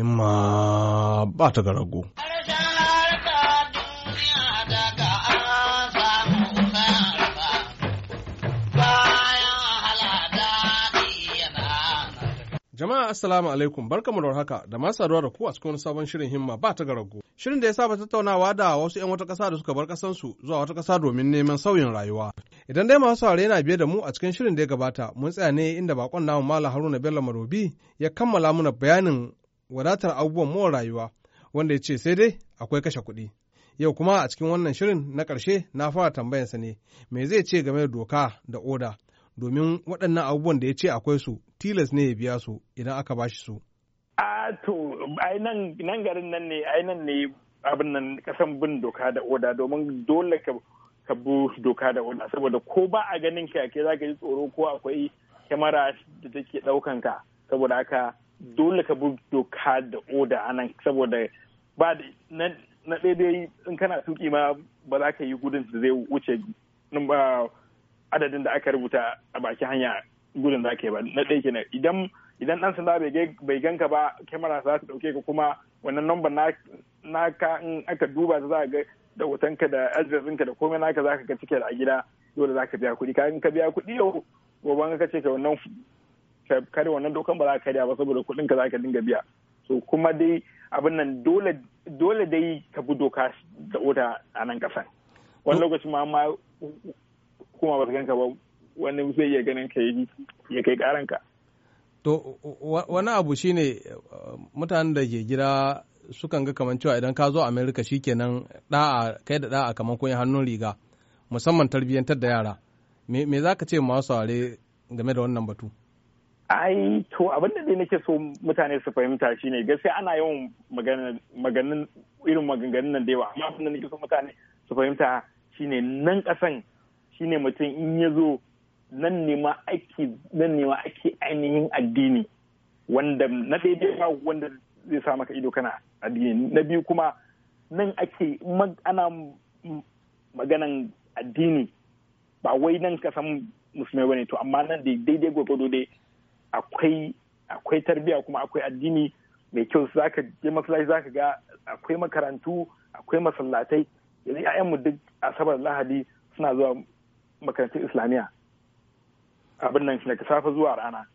in ma ba ta ga Jama'a Assalamu alaikum barkamu da haka da masu saduwa da ku a cikin wani sabon shirin himma ba ta garago. Shirin da ya saba tattaunawa da wasu 'yan wata ƙasa da suka bar ƙasansu zuwa wata ƙasa domin neman sauyin rayuwa. Idan dai masu saurare yana biye da mu a cikin shirin da ya gabata mun tsaya ne inda bakon namu Malam Haruna Bello Marobi ya kammala mana bayanin wadatar abubuwan more rayuwa wanda ya ce sai dai akwai kashe kuɗi. Yau kuma a cikin wannan shirin na ƙarshe na fara sa ne me zai ce game da doka da oda domin waɗannan abubuwan da ya ce akwai su tilas ne ya biya su idan aka ba shi su. A nan garin nan ne abin nan kasan bin doka da oda domin dole ka ka bu doka da oda saboda ko ba a ganin ka ke ka yi tsoro ko akwai kyamara da take daukan ka saboda haka dole ka bi doka da oda anan saboda ba na daidai in kana tuki ma ba za ka yi gudun da zai wuce adadin da aka rubuta a baki hanya gudun za ka ba na ɗaya kenan idan idan ɗan sanda bai ganka ba kyamara za ta dauke ka kuma wannan number na ka in aka duba ta za ga da hotonka da address da komai naka za ka ga cike da a gida dole za ka biya kuɗi ka ka biya kuɗi yau gobe ka ce ka wannan kare wannan dokan ba za ka karya ba saboda kuɗin ka za ka dinga biya so kuma dai abin nan dole dai ka bi doka da oda a nan kasan wani lokacin ma ma kuma ba ganka ba wani zai iya ganin ka ya kai ƙaranka. to wani abu shine uh, mutanen da ke gida sukan ga kamar cewa idan ka zo amerika shikenan da'a kai da da'a kamar kun hannun riga musamman tarbiyyantar da yara me za ka ce masu ware game da wannan batu ai to abin da nake so mutane su fahimta shine gaskiya ana yawan maganin irin maganganun nan da yawa amma abin da nake so mutane su fahimta shine nan kasan shine mutum in ya zo nan ne ma ake nan ne ma ake ainihin addini wanda na daidai ba wanda zai sa maka ido kana addini na biyu kuma nan ake ana maganan addini ba wai nan kasan musulmai bane to amma nan daidai gwagwado dai akwai akwai tarbiyya kuma akwai addini mai kyau za ka je masallaci ka ga akwai makarantu akwai masallatai yanzu ƴaƴanmu duk asabar lahadi suna zuwa makarantun islamiyya abin nan daga safe zuwa rana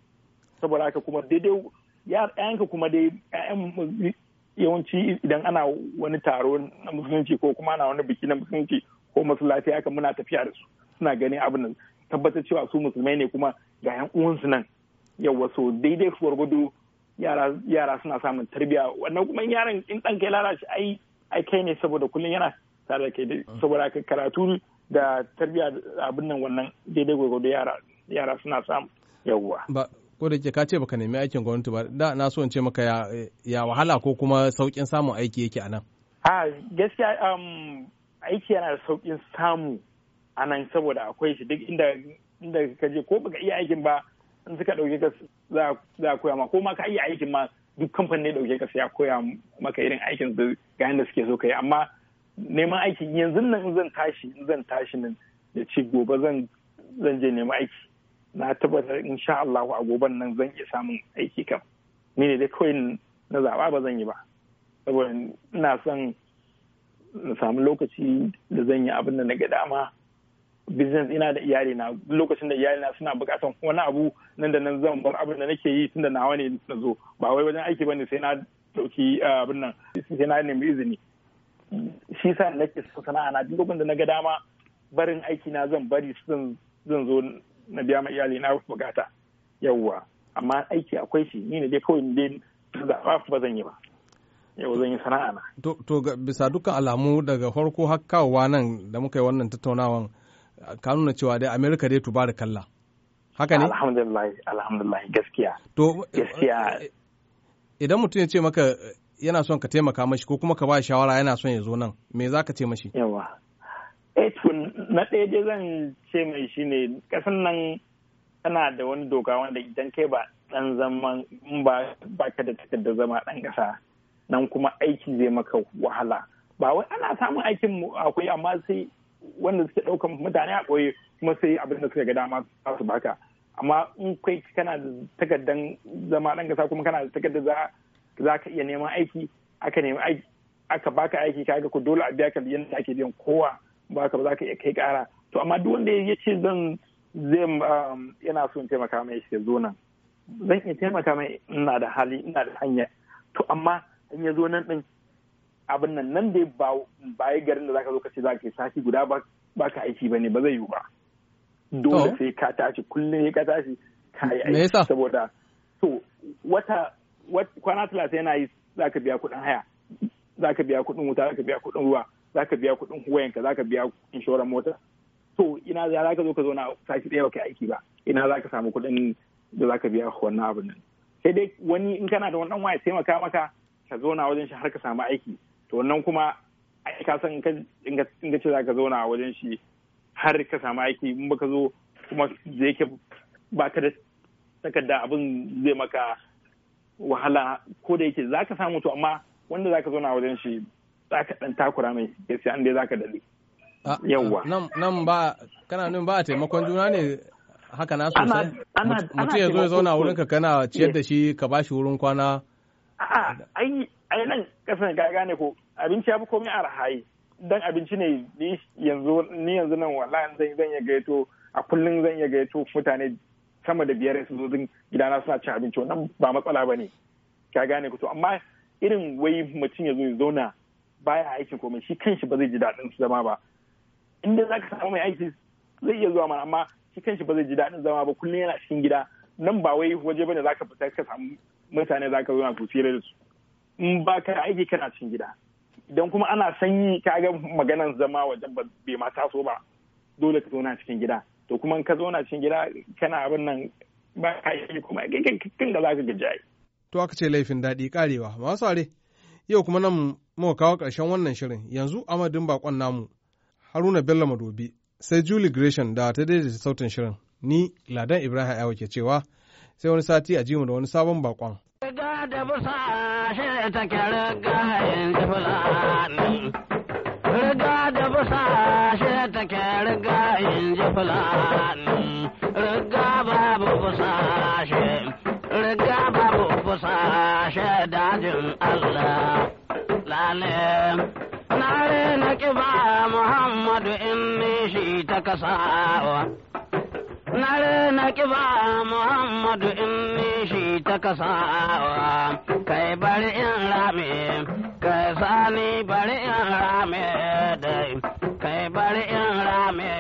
saboda haka kuma daidai ƴaƴanka kuma dai ƴaƴan yawanci idan ana wani taro na musulunci ko kuma ana wani biki na musulunci ko masallaci haka muna tafiya da su suna ganin abin nan tabbatar cewa su musulmai ne kuma ga yan uwansu nan yawa so daidai gwargwado yara yara suna samun tarbiyya wannan kuma yaran in ɗan kai lalace ai ai kai ne saboda kullum yana tare da kai saboda ka karatu da tarbiyya abin nan wannan daidai gwargwado yara yara suna samu yawwa ba ko da ke ka ce baka nemi aikin gwamnati ba da na so in ce maka ya, ya wahala ko kuma saukin samun aiki yake a nan a gaskiya um, aiki yana da saukin samu a nan saboda akwai shi duk inda inda ka je ko baka iya aikin ba in suka ɗauke ka za a koya ma ko ma ka iya aikin ma duk kamfanin ne ɗauke ka ya koya maka irin aikin da ga yadda suke so ka yi amma neman aiki yanzu nan zan tashi in zan tashi nan da ce gobe zan je neman aiki na tabbatar in sha Allah a goben nan zan iya samun aiki kam ni ne dai kawai na zaba ba zan yi ba saboda ina son na samu lokaci da zan yi abin da na ga dama business ina da iyali na lokacin da iyali na suna bukatan wani abu nan da nan zan bar abin da nake yi tunda nawa ne na zo ba wai wajen aiki bane sai na dauki eh, abin nan sai na nemi izini shi sa nake so sana'a na duk lokacin da na ga dama barin aiki na zan bari zan zan zo na biya ma iyali na bukata yawwa amma aiki akwai shi ni ne dai kawai dai da ba zan yi ba yau zan yi sana'a na to bisa dukkan alamu daga farko har kawowa nan da muka yi wannan tattaunawan ka nuna cewa dai america dai kalla haka ne alhamdulillah alhamdulillah gaskiya to gaskiya idan mutum ya ce maka yana son ka taimaka mashi ko kuma ka ba shawara yana son ya zo nan me za ka ce mashi yawa eh na ɗaya dai zan ce mai shine ƙasar nan tana da wani doka wanda idan kai ba dan zaman in ba baka da takardar zama dan kasa nan kuma aiki zai maka wahala ba wai ana samun aikin akwai amma sai wanda suke ɗaukan mutane a ɓoye kuma sai abin da suka ga dama su baka amma in kai kana da takardan zama ɗan gasa kuma kana da takardar za za ka iya neman aiki aka nemi aiki aka baka aiki kaga ku dole a biya ka da ake biyan kowa baka ba za ka iya kai ƙara to amma duk wanda ya ce zan zai um, yana son taimaka mai shi zo nan zan iya taimaka mai ina da hali ina da hanya to amma in ya zo nan din abin nan nan dai ba yi garin da zaka zo ka ce za ka yi sati guda ba ka aiki ba ne ba zai yiwu ba dole sai ka tashi kullum sai ka tashi ka yi aiki saboda to wata kwana talatin yana yi za ka biya kuɗin haya za ka biya kuɗin wuta za ka biya kuɗin ruwa za ka biya kuɗin huwayenka za ka biya inshoran mota to ina za ka zo ka zo na sati ɗaya ba ka aiki ba ina za ka samu kuɗin da za ka biya wannan abin nan sai dai wani in kana da wannan waya taimaka maka ka zo na wajen shi har ka samu aiki to nan kuma ka san in ka ce za ka zauna a wajen shi har ka samu aiki in baka zo kuma da yake ka da takarda abin zai maka wahala ko da yake za ka samu to amma wanda za ka zauna a wajen shi za ka dan takura mai yasi an dai za ka dade ah, yawwa nan ba kana nun ba a taimakon juna ne haka na sosai mutum ya zo ya zauna wurinka kana ciyar da shi ka bashi wurin kwana a'a ai ai nan kasan ka gane ko abinci ya fi komai a rahayi dan abinci ne ni yanzu ni yanzu nan wallahi zan zan iya gaito a kullum zan iya gaito mutane sama da biyar su zo gidana suna cin abinci wannan ba matsala bane ka gane ko to amma irin wai mutum ya zo ya zauna baya aikin komai shi kanshi ba zai ji daɗin zama ba inda za samu mai aiki zai iya zuwa mana amma shi kanshi ba zai ji daɗin zama ba kullum yana cikin gida nan ba wai waje bane za ka fita ka samu mutane zaka ka zo na ku da su in ba ka aiki kana cin gida idan kuma ana sanyi ka ga maganan zama wajen bai ma taso ba dole ka zauna cikin gida to kuma ka zauna cikin gida kana abin nan ba ka yi kuma kan da za ka gaji to aka ce laifin daɗi karewa masu are yau kuma nan muka kawo ƙarshen wannan shirin yanzu amadin bakon namu haruna bello madobi sai julie gresham da ta daidaita sautin shirin ni ladan ibrahim ayawa ke cewa sai wani sati a jimu da wani sabon bakon da busa shi take riga yin fulani. Riga da busa shi take riga yin fulani. Riga babu busa shi, riga babu busa shi dajin Allah. Lale, na na ƙiba Muhammadu in shi ta kasawa. na rena kiba Muhammadu in ni shi ta kasawa, kai bari in rame, kai sani bari in rame dai, kai bari in rame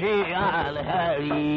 shi alheri.